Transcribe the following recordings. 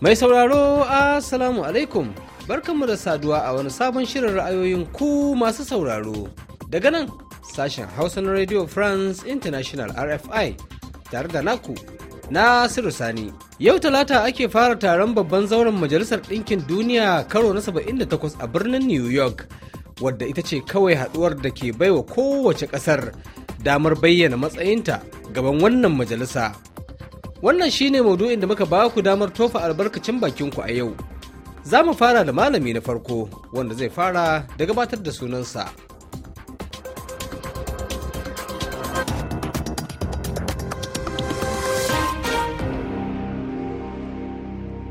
Mai sauraro Assalamu alaikum barkanmu da saduwa a wani sabon shirin ra'ayoyin ku masu sauraro. Daga nan sashen Hausa na Radio France International RFI tare da naku Nasiru Sani. Yau talata ake fara taron babban zauren Majalisar Ɗinkin Duniya karo na 78 a birnin New York, wadda ita ce kawai haɗuwar da ke baiwa kowace ƙasar damar bayyana matsayinta gaban wannan majalisa. Wannan shine maudu'in da muka ba ku damar tofa albarkacin bakinku a yau. Za mu fara da malami na farko wanda zai fara da gabatar da sunansa.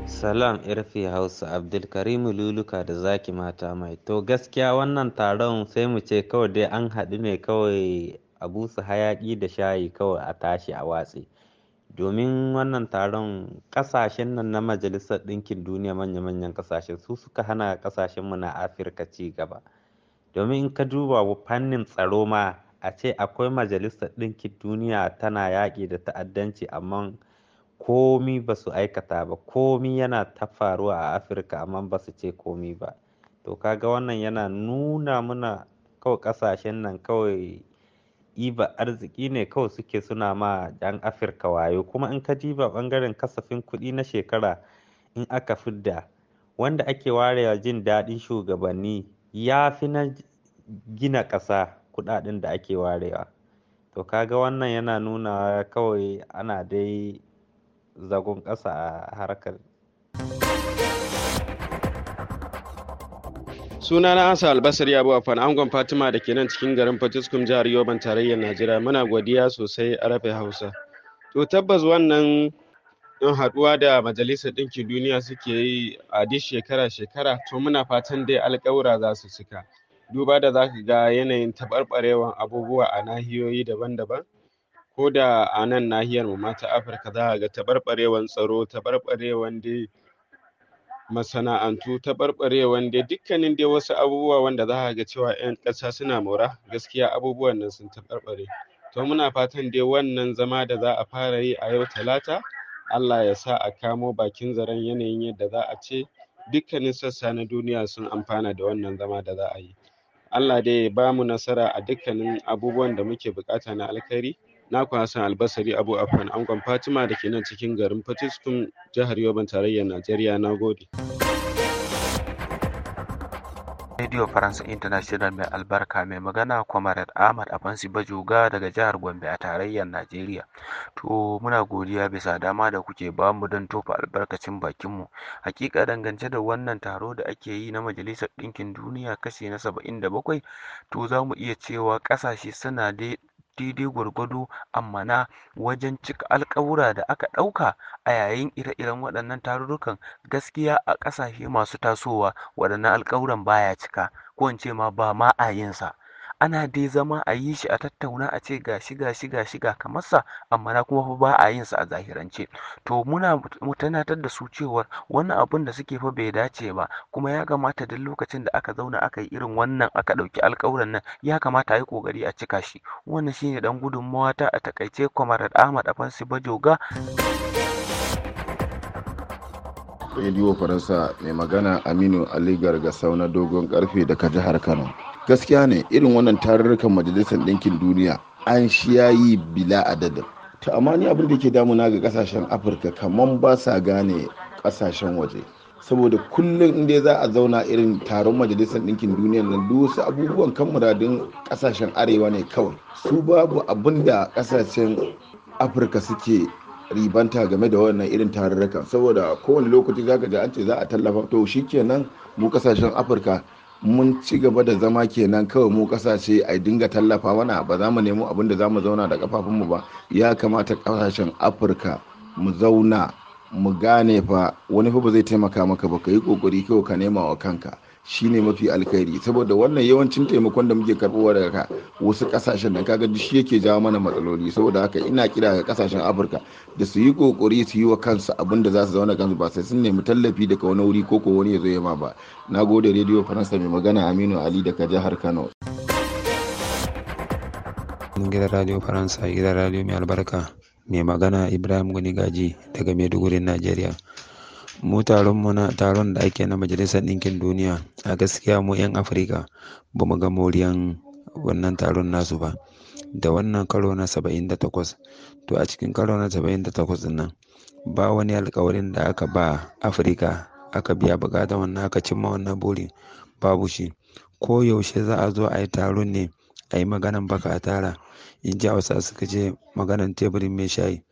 Salam irfi Hausa Abdulkarimu Luluka da zaki mata mai. To gaskiya wannan taron sai mu ce kawai dai an haɗu ne kawai a busa hayaƙi da shayi kawai a tashi a watse domin wannan taron ƙasashen nan na majalisar ɗinkin duniya manya-manyan ƙasashe su suka hana ƙasashenmu na afirka ci gaba domin in ka duba fannin tsaro ma a ce akwai majalisar ɗinkin duniya tana yaƙi da ta'addanci amma komi ba su aikata ba komi yana ta faruwa a afirka amma ba su ce komi ba to kaga wannan yana nuna muna kawai ƙasashen nan kawai ɗiba arziki ne kawai suke suna ma 'yan afirka wayo kuma in ka diba ɓangaren kasafin kuɗi na shekara in aka fidda wanda ake warewa jin daɗin shugabanni ya fi na gina ƙasa kuɗaɗen da ake warewa to kaga wannan yana nuna kawai ana dai zagon ƙasa a harkar suna na ansa albasari abu afan angon fatima da ke nan cikin garin fatiskum jihar yoban tarayyar najeriya muna godiya sosai a rafe hausa to tabbas wannan in haɗuwa da majalisar ɗinkin duniya suke yi a duk shekara-shekara to muna fatan dai alƙawura za su cika duba da za ka ga yanayin taɓarɓarewan abubuwa a nahiyoyi daban-daban ko da a nan nahiyar mu ma ta afirka za ka ga taɓarɓarewan tsaro taɓarɓarewan dai masana'antu ta barbare dai dukkanin dai wasu abubuwa wanda za ka ga cewa 'yan ƙasa suna mora gaskiya abubuwan nan sun taɓarɓare to muna fatan dai wannan zama da za a fara yi a yau talata allah ya sa a kamo bakin zaren yanayin yadda za a ce dukkanin sassa na duniya sun amfana da wannan zama da za a yi allah dai ya ba mu nasara a dukkanin abubuwan da muke bukata na alkhairi naku Hassan Albasari Abu Afan Angon Fatima da ke nan cikin garin Fatiskum jihar Yoban tarayyar Najeriya na gode. Radio France International mai albarka mai magana Comrade Ahmad Afansi Bajoga daga jihar Gombe a tarayyar Najeriya. To muna godiya bisa dama da kuke bamu don tofa albarkacin bakinmu. Hakika dangance da wannan taro da ake yi na Majalisar Ɗinkin Duniya kashe na 77 to za mu iya cewa ƙasashe suna dai daidai gwargwado na wajen cika alkawura da aka ɗauka a yayin ire-iren waɗannan tarurrukan gaskiya a ƙasashe masu tasowa waɗannan alkawuran baya cika ko in ce ma ba ma a yin ana dai zama a yi shi a tattauna a ce gashi gashi gashi ga kamar amma na kuma fa ba a yin sa a zahirance to muna mu da su cewar wannan abun da suke fa bai dace ba kuma ya kamata duk lokacin da aka zauna aka yi irin wannan aka ɗauki alƙawuran nan ya kamata a yi ƙoƙari a cika shi wannan shine dan gudunmawa ta a takaice kwamarar Ahmad Afansi Bajoga. rediyo faransa mai magana aminu ali Garga na dogon karfe daga jihar kano gaskiya ne irin wannan tarurrukan majalisar ɗinkin duniya an yi bila adadin ta amma ni abin da ke damuna ga kasashen afirka kamar ba sa gane kasashen waje saboda kullum inda za a zauna irin taron majalisar ɗinkin duniya nan wasu abubuwan kan muradun kasashen arewa ne kawai su babu abin da kasashen afirka suke ribanta game da wannan irin tarurrukan saboda kowane lokaci zaka ji an ce za a tallafa to shi shikenan mu kasashen afirka mun ci gaba da zama kenan kawai mu kasashe a dinga tallafa mana ba za mu nemo abin da za mu zauna da kafafunmu ba ya kamata kasashen afirka mu zauna mu gane fa wani fa ba zai taimaka maka ba ka yi kokari kawai ka nema wa kanka shi ne mafi alkhairi saboda wannan yawancin taimakon da muke karbowa daga ka wasu kasashen da kaga duk shi yake jawo mana matsaloli saboda haka ina kira ga kasashen Afirka da su yi kokori su yi wa kansu abin da za su zauna kansu ba sai sun nemi tallafi daga wani wuri ko ko wani ya zo ya ma ba na gode rediyo faransa mai magana Aminu Ali daga jihar Kano gidan radio faransa gidan radio mai albarka mai magana ibrahim gani gaji daga maiduguri najeriya Mu taron mu na taron da ake na Majalisar Ɗinkin Duniya a gaskiya mu 'yan Afirka ba mu ga moriyan wannan taron nasu ba. Da wannan karo na 78, to a cikin karo na 78 ɗin nan ba wani alkawarin da aka ba Afirka aka biya buƙatar wannan aka cimma wannan buri babu shi. Ko yaushe za a zo a yi taron ne a yi maganan baka a tara. In ji hausa suka je maganan teburin mai shayi.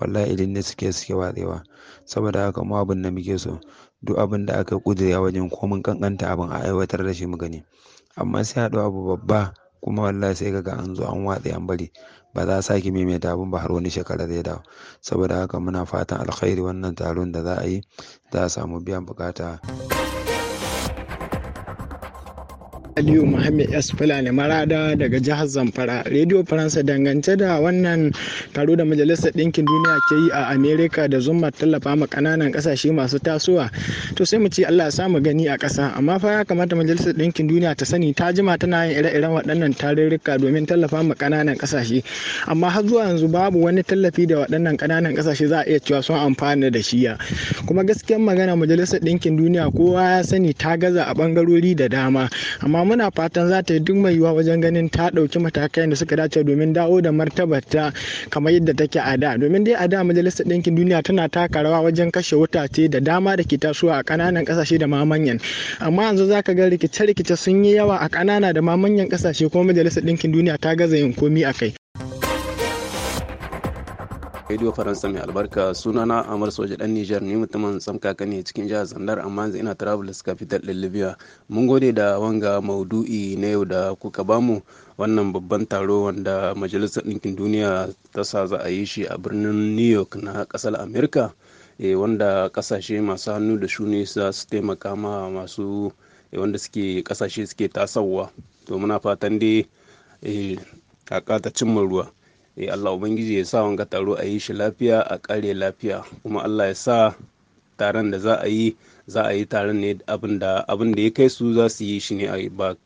wallahi idan ne suke suke watsewa saboda haka mu abin da muke so duk abin da aka kudura wajen komin kankanta abin a aiwatar da shi mu gani amma sai haɗu abu babba kuma wallahi sai kaga an zo an watse an bari ba za sa sake maimaita abin ba har wani shekara zai dawo saboda haka muna fatan alkhairi wannan taron da za a yi za a samu biyan bukata. Aliyu Muhammad S. Fulani Marada daga jihar Zamfara. Radio Faransa dangance da wannan taro da Majalisar Dinkin Duniya ke yi a Amerika da Zuma tallafa ma ƙananan ƙasashe masu tasowa. To sai mu ce Allah sa mu gani a ƙasa. Amma fa ya kamata Majalisar Dinkin Duniya ta sani ta jima tana yin ire-iren waɗannan tarurruka domin tallafa ma ƙananan ƙasashe. Amma har zuwa yanzu babu wani tallafi da waɗannan ƙananan ƙasashe za a iya cewa sun amfana da shi ya. Kuma gaskiyar magana Majalisar Dinkin Duniya kowa ya sani ta gaza a ɓangarori da dama. Amma muna fatan za ta yi duk mai yiwuwa wajen ganin ta ɗauki matakai da suka dace domin dawo da ta kamar yadda take a da domin dai a da majalisar ɗinkin duniya tana taka rawa wajen kashe wutace da dama da ke tasowa a ƙananan ƙasashe da mamanyan amma yanzu za ka ga rikice-rikice sun yi yawa a ƙanana da mamanyan ƙasashe kuma majalisar ɗinkin duniya ta gaza yin komi a kai Radio Faransa mai albarka sunana Amar Soja dan nijar ne mutumin tsamkaka ne cikin jihar Zandar amma yanzu ina Travelers Capital din Libya. Mun gode da wanga maudu'i na yau da kuka bamu wannan babban taro wanda Majalisar Ɗinkin Duniya ta sa za a yi shi a birnin New York na kasar amurka E, eh, wanda ƙasashe masu hannu da shuni za su taimaka ma masu eh, wanda suke ƙasashe suke tasawa. To muna fatan dai eh, a ƙata cimma ruwa. eh Allah ubangiji ya sa wanga taro a yi shi lafiya a kare lafiya kuma Allah ya sa taron da za a yi za a yi taron ne abin da ya kai su za su yi shi ne ba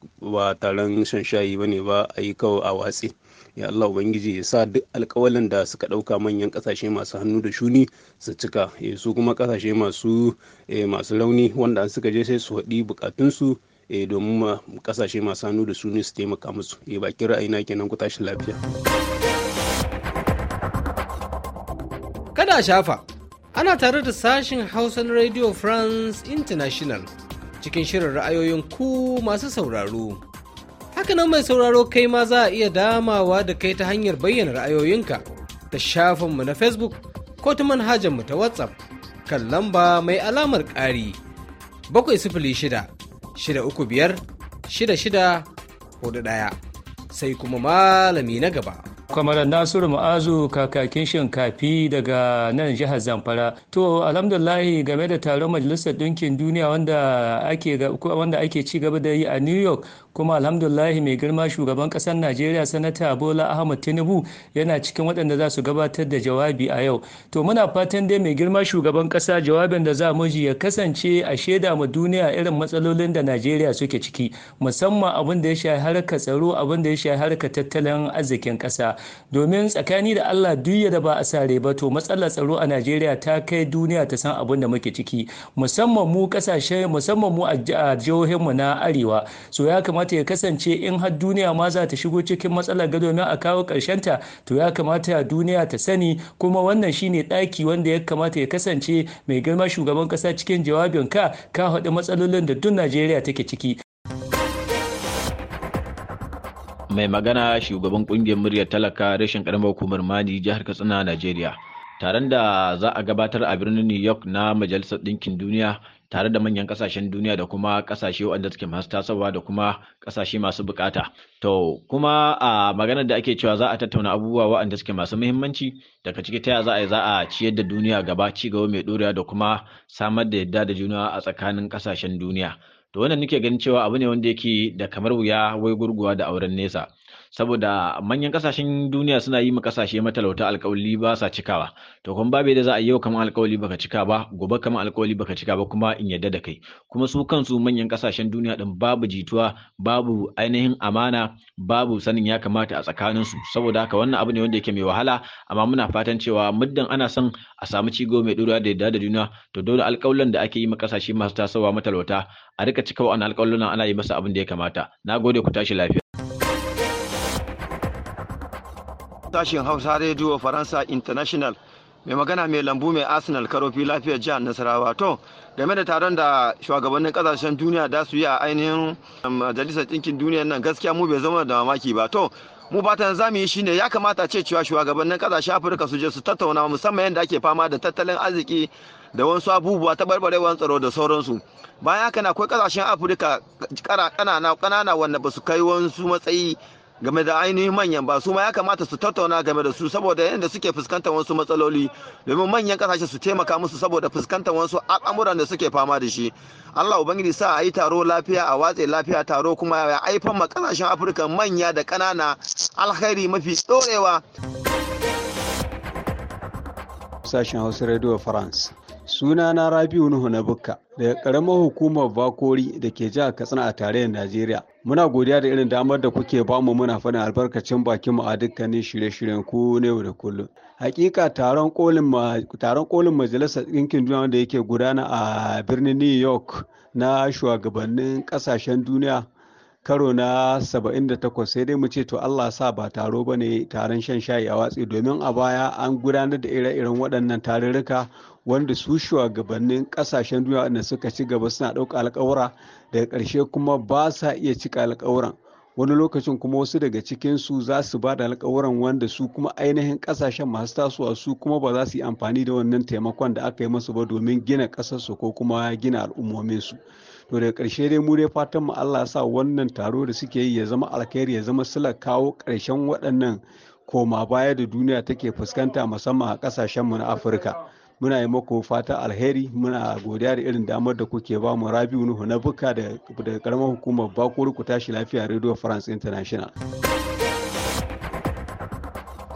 taron shan shayi ba ba a yi kawai a watsi ya Allah ubangiji ya sa duk alƙawalin da suka ɗauka manyan ƙasashe masu hannu da shuni su cika eh, su kuma ƙasashe masu eh, masu rauni wanda suka je sai su haɗi bukatunsu eh, domin ƙasashe masu hannu da shuni su taimaka musu ba ra'ayi na kenan ku tashi lafiya. Ana shafa ana tare da sashin hausan radio france international cikin shirin ra'ayoyin ku masu sauraro hakanan mai sauraro kai ma za a iya damawa da kai ta hanyar bayyana ra'ayoyinka ta shafinmu na facebook ko ta manhajarmu ta whatsapp kan lamba mai alamar ƙari bakwai sifili shida shida uku biyar shida shida hudu ɗaya sai kuma malami na gaba kwamarar nasiru ma'azu kakakin shinkafi daga nan jihar zamfara to alhamdulahi game da taron majalisar ɗinkin duniya wanda ake ci gaba da yi a new york kuma alhamdulahi mai girma shugaban kasar najeriya sanata bola ahmad tinubu yana cikin waɗanda za su gabatar da jawabi a yau to muna fatan dai mai girma shugaban ƙasa jawabin da za mu ji ya kasance a shaida ma duniya irin matsalolin da najeriya suke ciki musamman abin da ya shafi harkar tsaro abin da ya shafi harkar tattalin arzikin ƙasa domin tsakani da Allah duk da ba a sare ba to matsalar tsaro a Najeriya ta kai duniya ta san abin da muke ciki musamman mu kasashe musamman mu a jihohin mu na arewa so ya kamata ya kasance in har duniya ma za ta shigo cikin matsalar gado domin a kawo karshen ta to ya kamata duniya ta sani kuma wannan shine daki wanda ya kamata ya kasance mai girma shugaban kasa cikin jawabin ka ka haɗu matsalolin da duk Najeriya take ciki mai magana shugaban kungiyar muryar talaka rashin karamar hukumar mani jihar katsina najeriya taron da za a gabatar a birnin new york na majalisar Dinkin duniya tare da manyan kasashen duniya da kuma kasashe waɗanda suke masu tasowa da kuma kasashe masu bukata to kuma a maganar da ake cewa za a tattauna abubuwa waɗanda suke masu muhimmanci daga ciki ta za a yi za a ciyar da duniya gaba cigaba mai ɗorewa da kuma samar da yadda da juna a tsakanin kasashen duniya to wannan nake ganin cewa abu ne wanda yake da kamar wuya wai gurguwa da auren nesa saboda manyan kasashen duniya suna yi ma kasashe matalauta alkawali ba sa cikawa to kuma babu da za a yau kamar alkawali baka cika ba gobe kamar alkawali baka cika ba kuma in yadda da kai kuma su kansu manyan kasashen duniya din babu jituwa babu ainihin amana babu sanin ya kamata a tsakanin su saboda haka wannan abu ne wanda yake mai wahala amma muna fatan cewa muddin ana son a samu cigo mai dorewa da yadda da juna to dole alkawalan da ake yi ma kasashe masu tasowa matalauta a rika cika wa'annan alkawalan ana yi masa abin da ya kamata na gode ku tashi lafiya Sashen Hausa rediyo Faransa International mai magana mai lambu mai Arsenal karofi lafiyar jihar Nasarawa. To, game da taron da shugabannin kasashen duniya da su yi a ainihin um, majalisar ɗinkin duniya nan gaskiya mu bai zama da mamaki ba. To, mu fatan za mu yi shine ya kamata ce cewa shugabannin kasashen Afirka su je su tattauna musamman yadda ake fama da tattalin arziki da wasu abubuwa ta barbarewar tsaro da sauransu bayan haka na akwai kasashen afirka kanana wanda ba su kai wasu matsayi game da ainihin manyan ba su ma ya kamata su tattauna game da su saboda yadda suke fuskantar wasu matsaloli domin manyan kasashe su taimaka musu saboda fuskantar wasu al'amuran da suke fama da shi Allah ubangiji sa a yi taro lafiya a watse lafiya taro kuma ya haifar ma kasashen Afirka manya da ƙanana alkhairi mafi ɗorewa. Sashen Hausa Radio France. na Rabiu Nuhu na Bukka. daga karamar hukumar Bakori da ke jihar Katsina a tarayyar Najeriya. Muna godiya da irin damar da kuke bamu muna faɗin albarkacin bakin mu a dukkanin shirye-shiryen ku ne da kullum. Hakika taron kolin majalisar ɗinkin duniya wanda yake gudana a birnin New York na shugabannin ƙasashen duniya karo na 78 sai dai mu ce to Allah sa ba taro ba ne taron shan shayi a watsi domin a baya an gudanar da ire-iren waɗannan tarurruka wanda su shugabannin ƙasashen duniya wanda suka ci gaba suna ɗauka alƙawura daga ƙarshe kuma ba sa iya cika alƙawuran wani lokacin kuma wasu daga cikinsu za su ba da alkawuran wanda su kuma ainihin ƙasashen masu tasowa su kuma ba za su yi amfani da wannan taimakon da aka yi masu ba domin gina ƙasarsu ko kuma gina al'ummominsu to da karshe dai mu dai fatan mu Allah sa wannan taro da suke yi ya zama alkhairi ya zama sila kawo ƙarshen waɗannan koma baya da duniya take fuskanta musamman a ƙasashen mu na Afirka muna yi muku fata alheri muna godiya da irin damar da kuke ba mu Rabiu Nuhu na buka da karamar hukumar bakuwar ku tashi lafiya Radio France International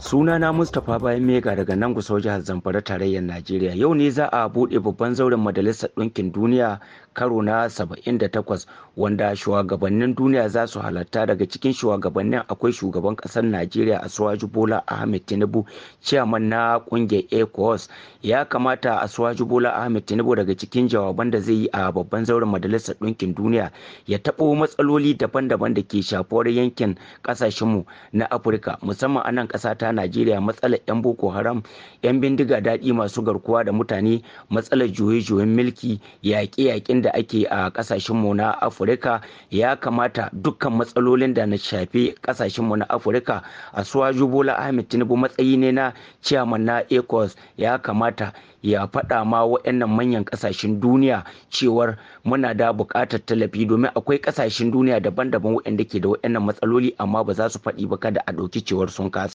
Suna na mustapha bayan mega daga nan gusau jihar zamfara tarayyar najeriya yau ne za a buɗe babban zauren majalisar ɗinkin duniya karo na 78 wanda shugabannin duniya za su halatta daga cikin shugabannin akwai shugaban ƙasar najeriya a asuwaju bola ahmed tinubu ciyaman na ƙungiyar ecos ya kamata a asuwaju bola ahmed tinubu daga cikin jawaban da zai yi a babban zauren majalisar ɗinkin duniya ya taɓo matsaloli daban-daban da ke shafuwar yankin ƙasashenmu na afirka musamman a nan ƙasa ta Najeriya matsalar 'yan Boko Haram, 'yan bindiga daɗi masu garkuwa da mutane, matsalar juye-juyen mulki, yaƙe-yaƙen da ake a ƙasashenmu na Afirka ya kamata dukkan matsalolin da na shafi ƙasashenmu na Afirka a Suwaju Bola Ahmed Tinubu matsayi ne na ciyaman na ECOWAS ya kamata ya faɗa ma waɗannan manyan ƙasashen duniya cewar muna da buƙatar tallafi domin akwai ƙasashen duniya daban-daban waɗanda ke da waɗannan matsaloli amma ba za su faɗi ba kada a ɗauki cewar sun kasa.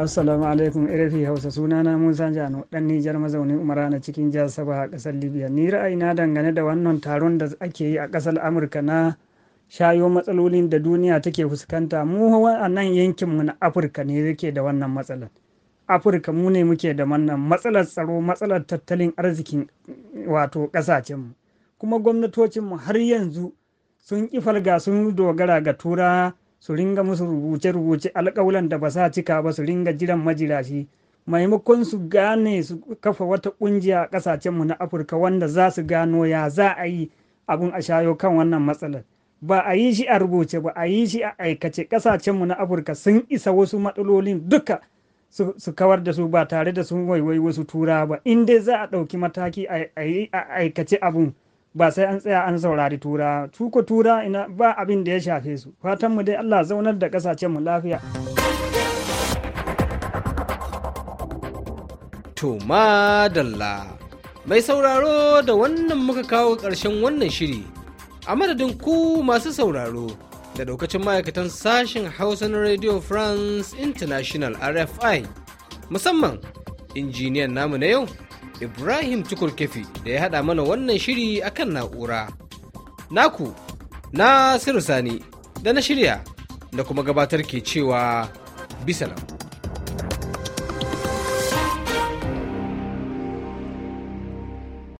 assalamu alaikum irfi hausa sunana musa jano dan nijar mazaunin umara na cikin jihar saba a kasar libya ni ra'ayi na dangane da wannan taron da ake yi a kasar amurka na shayo matsalolin da duniya take fuskanta mu a nan yankinmu na afirka ne yake da wannan matsalar afirka mu ne muke da wannan matsalar tsaro matsalar tattalin arzikin wato mu kuma gwamnatocin mu har yanzu sun kifalga sun dogara ga tura su ringa musu rubuce-rubuce alƙawulan da ba sa cika ba su ringa jiran majirashi maimakon su gane su kafa wata ƙungiya a ƙasashenmu na afirka wanda za su gano ya za a yi abin a shayo kan wannan matsalar ba a yi shi a rubuce ba a yi shi a aikace ƙasashenmu na afirka sun isa wasu matsalolin duka su kawar da su ba tare da sun waiwai wasu tura ba in dai za a ɗauki mataki a aikace abun ba sai an tsaya an saurari tura tuko tura ina ba abin da ya shafe su fatan mu dai Allah zaunar da kasashen mu lafiya to madalla mai sauraro da wannan muka kawo ƙarshen wannan shiri a madadin ku masu sauraro da daukacin ma'aikatan sashen hausa na radio france international rfi musamman injiniyan namu na yau Ibrahim Tukur da ya haɗa mana wannan shiri akan na'ura. Naku, na Sani da na shirya da kuma gabatar ke cewa bisalam.